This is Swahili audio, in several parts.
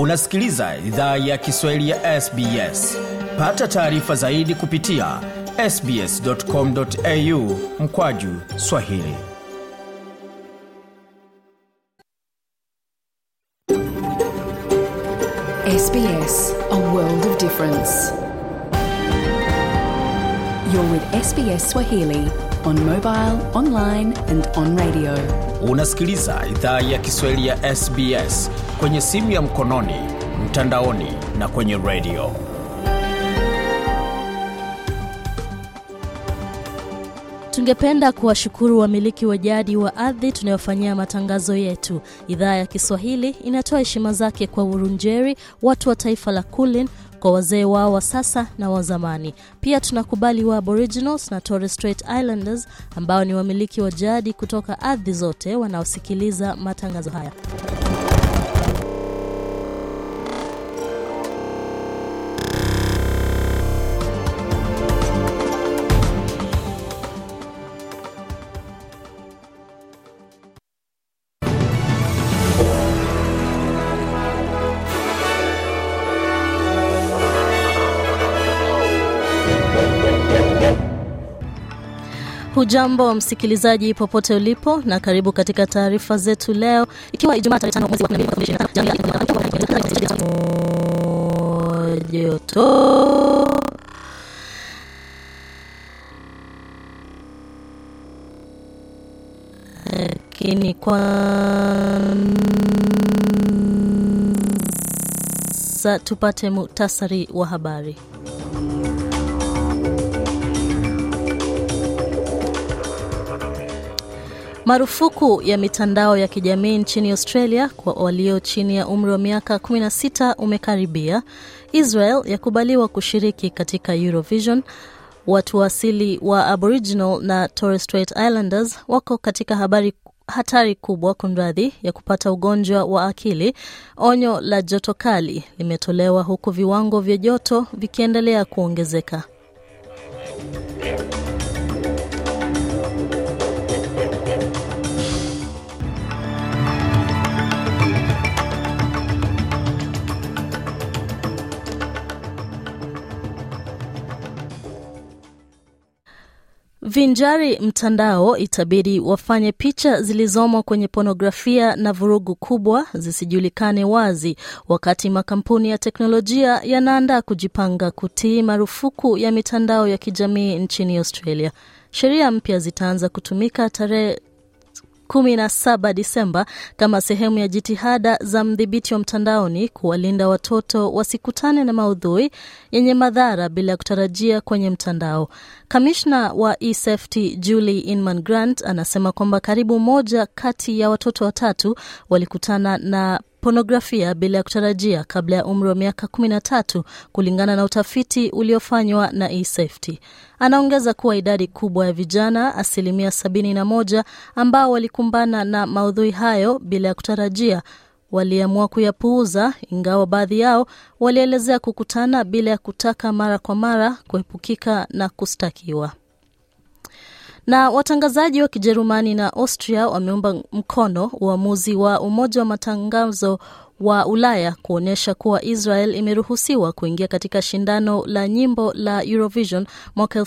unasikiliza idhaa ya kiswahili ya sbs pata taarifa zaidi kupitia sbscomau mkwaju swahili SBS, a world of difference. You're with SBS Swahili on mobile, online and on radio. Unasikiliza idhaa ya Kiswahili ya SBS kwenye simu ya mkononi, mtandaoni na kwenye redio. Tungependa kuwashukuru wamiliki wa jadi wa ardhi tunayofanyia matangazo yetu. Idhaa ya Kiswahili inatoa heshima zake kwa Urunjeri, watu wa taifa la Kulin, kwa wazee wao wa sasa na wa zamani. Pia tunakubali wa Aboriginals na Torres Strait Islanders ambao ni wamiliki wa jadi kutoka ardhi zote wanaosikiliza matangazo haya. Hujambo msikilizaji popote ulipo, na karibu katika taarifa zetu leo, ikiwa Ijumaa tarehe tano mwezi wa kumi na na mbili ishirini tano joto lakini kwanza tupate muhtasari wa habari. Marufuku ya mitandao ya kijamii nchini Australia kwa walio chini ya umri wa miaka 16 umekaribia. Israel yakubaliwa kushiriki katika Eurovision. Watu wa asili wa Aboriginal na Torres Strait Islanders wako katika habari hatari kubwa kunradhi ya kupata ugonjwa wa akili. Onyo la joto kali limetolewa huku viwango vya joto vikiendelea kuongezeka. Vinjari mtandao itabidi wafanye picha zilizomo kwenye ponografia na vurugu kubwa zisijulikane wazi, wakati makampuni ya teknolojia yanaandaa kujipanga kutii marufuku ya mitandao ya kijamii nchini Australia. Sheria mpya zitaanza kutumika tarehe 17 Disemba kama sehemu ya jitihada za mdhibiti wa mtandaoni kuwalinda watoto wasikutane na maudhui yenye madhara bila ya kutarajia kwenye mtandao. Kamishna wa eSafety Julie Inman Grant anasema kwamba karibu moja kati ya watoto watatu walikutana na ponografia bila ya kutarajia kabla ya umri wa miaka 13 kulingana na utafiti uliofanywa na eSafety. Anaongeza kuwa idadi kubwa ya vijana asilimia 71 ambao walikumbana na maudhui hayo bila ya kutarajia waliamua kuyapuuza, ingawa baadhi yao walielezea kukutana bila ya kutaka mara kwa mara, kuepukika na kustakiwa. Na watangazaji wa Kijerumani na Austria wameunga mkono uamuzi wa Umoja wa Matangazo wa Ulaya kuonyesha kuwa Israel imeruhusiwa kuingia katika shindano la nyimbo la Eurovision mwaka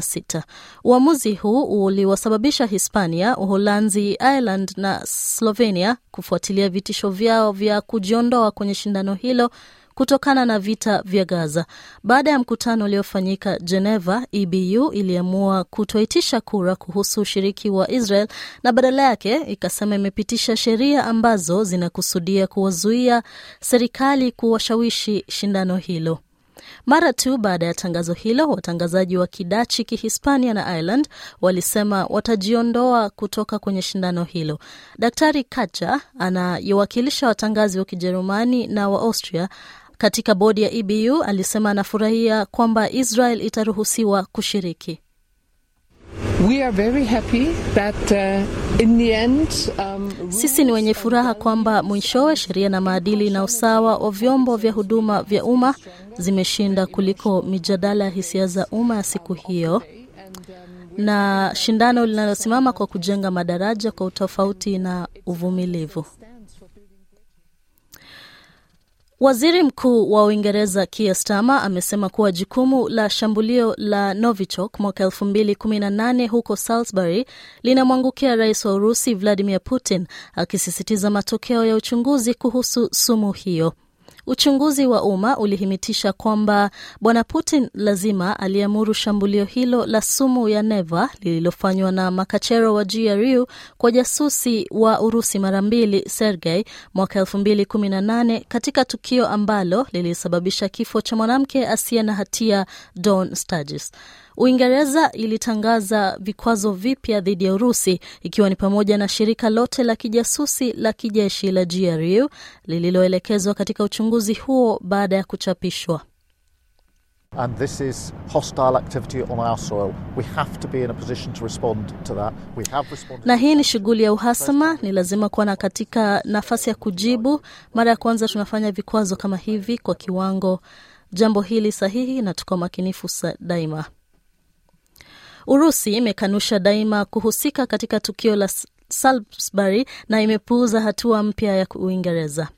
sita. Uamuzi huu uliwasababisha Hispania, Uholanzi, Ireland na Slovenia kufuatilia vitisho vyao vya kujiondoa kwenye shindano hilo kutokana na vita vya Gaza. Baada ya mkutano uliofanyika Geneva, EBU iliamua kutoitisha kura kuhusu ushiriki wa Israel na badala yake ikasema imepitisha sheria ambazo zinakusudia kuwazuia serikali kuwashawishi shindano hilo. Mara tu baada ya tangazo hilo, watangazaji wa Kidachi, Kihispania na Ireland walisema watajiondoa kutoka kwenye shindano hilo. Daktari Kacha anayewakilisha watangazi wa Kijerumani na wa Austria katika bodi ya EBU alisema anafurahia kwamba Israel itaruhusiwa kushiriki. We are very happy that, uh, in the end, um, sisi ni wenye furaha kwamba mwishowe sheria na maadili na usawa wa vyombo vya huduma vya umma zimeshinda kuliko mijadala ya hisia za umma ya siku hiyo na shindano linalosimama kwa kujenga madaraja kwa utofauti na uvumilivu. Waziri Mkuu wa Uingereza Keir Starmer amesema kuwa jukumu la shambulio la Novichok mwaka 2018 huko Salisbury linamwangukia rais wa Urusi Vladimir Putin, akisisitiza matokeo ya uchunguzi kuhusu sumu hiyo. Uchunguzi wa umma ulihimitisha kwamba Bwana Putin lazima aliamuru shambulio hilo la sumu ya neva lililofanywa na makachero wa GRU kwa jasusi wa Urusi mara mbili Sergei mwaka 2018 katika tukio ambalo lilisababisha kifo cha mwanamke asiye na hatia Dawn Sturgis. Uingereza ilitangaza vikwazo vipya dhidi ya Urusi ikiwa ni pamoja na shirika lote la kijasusi la kijeshi la GRU lililoelekezwa katika uchunguzi huo baada ya kuchapishwa. And this is hostile activity on our soil. We have to be in a position to respond to that. We have responded. Na hii ni shughuli ya uhasama, ni lazima kuwa na katika nafasi ya kujibu. Mara ya kwanza tunafanya vikwazo kama hivi kwa kiwango jambo hili sahihi, na tuko makinifu daima. Urusi imekanusha daima kuhusika katika tukio la Salisbury na imepuuza hatua mpya ya Uingereza.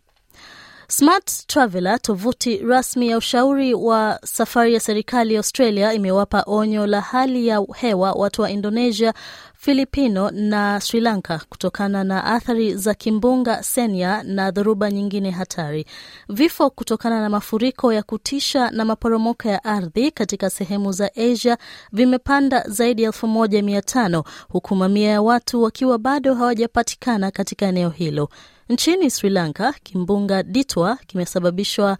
Smart Traveller, tovuti rasmi ya ushauri wa safari ya serikali ya Australia, imewapa onyo la hali ya hewa watu wa Indonesia, Filipino na Sri Lanka kutokana na athari za kimbunga Senia na dhoruba nyingine hatari. Vifo kutokana na mafuriko ya kutisha na maporomoko ya ardhi katika sehemu za Asia vimepanda zaidi ya elfu moja mia tano huku mamia ya watu wakiwa bado hawajapatikana katika eneo hilo. Nchini Sri Lanka, kimbunga Ditwa kimesababishwa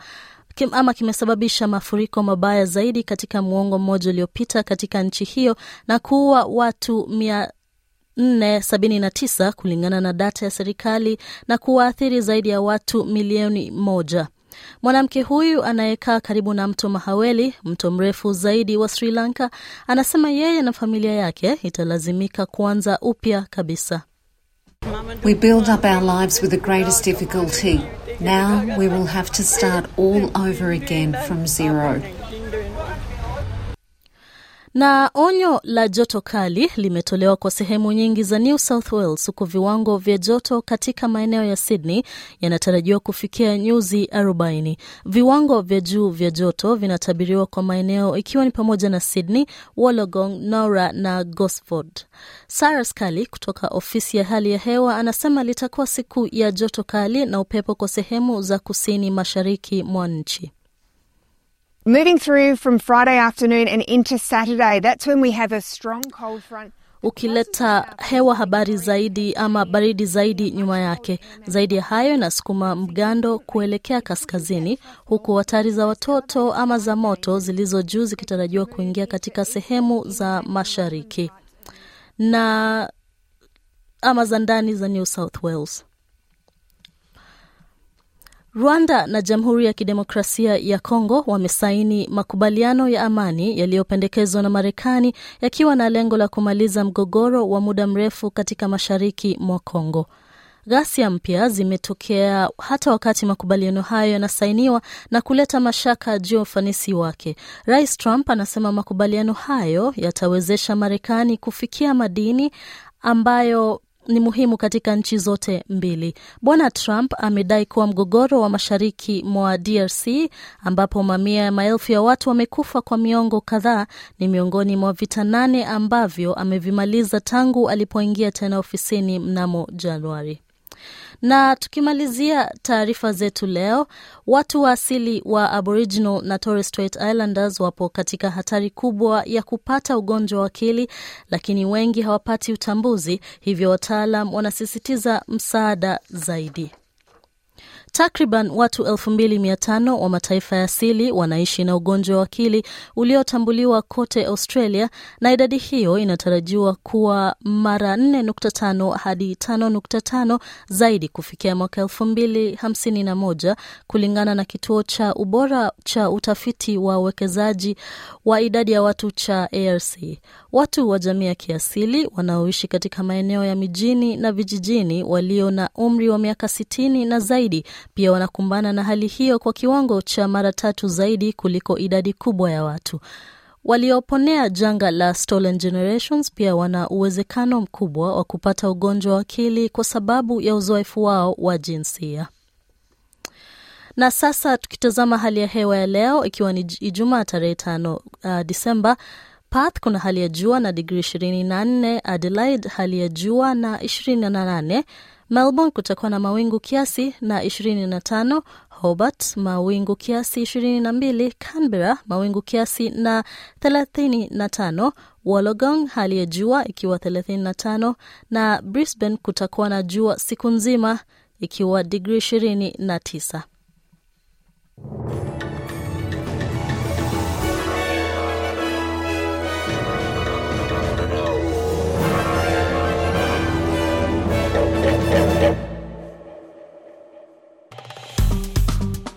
Kim ama kimesababisha mafuriko mabaya zaidi katika muongo mmoja uliopita katika nchi hiyo na kuua watu mia 479 kulingana na data ya serikali na kuwaathiri zaidi ya watu milioni moja. Mwanamke huyu anayekaa karibu na mto Mahaweli, mto mrefu zaidi wa Sri Lanka, anasema yeye na familia yake italazimika kuanza upya kabisa. We build up our lives with the greatest difficulty. Now we will have to start all over again from zero. Na onyo la joto kali limetolewa kwa sehemu nyingi za New South Wales, huku viwango vya joto katika maeneo ya Sydney yanatarajiwa kufikia nyuzi 40. Viwango vya juu vya joto vinatabiriwa kwa maeneo ikiwa ni pamoja na Sydney, Wollongong, Nowra na Gosford. Sarah Scully kutoka ofisi ya hali ya hewa anasema litakuwa siku ya joto kali na upepo kwa sehemu za kusini mashariki mwa nchi. Moving through from Friday afternoon and into Saturday, that's when we have a strong cold front. Ukileta hewa habari zaidi ama baridi zaidi nyuma yake. Zaidi ya hayo, inasukuma mgando kuelekea kaskazini, huku hatari za watoto ama za moto zilizo juu zikitarajiwa kuingia katika sehemu za mashariki na ama za ndani za New South Wales. Rwanda na Jamhuri ya Kidemokrasia ya Kongo wamesaini makubaliano ya amani yaliyopendekezwa na Marekani yakiwa na lengo la kumaliza mgogoro wa muda mrefu katika mashariki mwa Kongo. Ghasia mpya zimetokea hata wakati makubaliano hayo yanasainiwa na kuleta mashaka juu ya ufanisi wake. Rais Trump anasema makubaliano hayo yatawezesha Marekani kufikia madini ambayo ni muhimu katika nchi zote mbili. Bwana Trump amedai kuwa mgogoro wa mashariki mwa DRC ambapo mamia ya maelfu ya watu wamekufa kwa miongo kadhaa ni miongoni mwa vita nane ambavyo amevimaliza tangu alipoingia tena ofisini mnamo Januari. Na tukimalizia taarifa zetu leo, watu wa asili wa Aboriginal na Torres Strait Islanders wapo katika hatari kubwa ya kupata ugonjwa wa akili, lakini wengi hawapati utambuzi, hivyo wataalam wanasisitiza msaada zaidi. Takriban watu 25 wa mataifa ya asili wanaishi na ugonjwa wa akili uliotambuliwa kote Australia, na idadi hiyo inatarajiwa kuwa mara 4.5 hadi 5.5 zaidi kufikia mwaka 2051 kulingana na kituo cha ubora cha utafiti wa uwekezaji wa idadi ya watu cha ARC. Watu wa jamii ya kiasili wanaoishi katika maeneo ya mijini na vijijini walio na umri wa miaka 60 na zaidi pia wanakumbana na hali hiyo kwa kiwango cha mara tatu zaidi kuliko idadi kubwa ya watu. Walioponea janga la Stolen Generations pia wana uwezekano mkubwa wa kupata ugonjwa wa akili kwa sababu ya uzoefu wao wa jinsia. Na sasa tukitazama hali ya hewa ya leo, ikiwa ni Ijumaa tarehe tano uh, Disemba. Perth kuna hali ya jua na digri 24, Adelaide hali ya jua na 28, Melbourne kutakuwa na mawingu kiasi na 25, Hobart mawingu kiasi 22, Canberra mawingu kiasi na 35, Wollongong hali ya jua ikiwa 35 na Brisbane kutakuwa na jua siku nzima ikiwa digrii 29.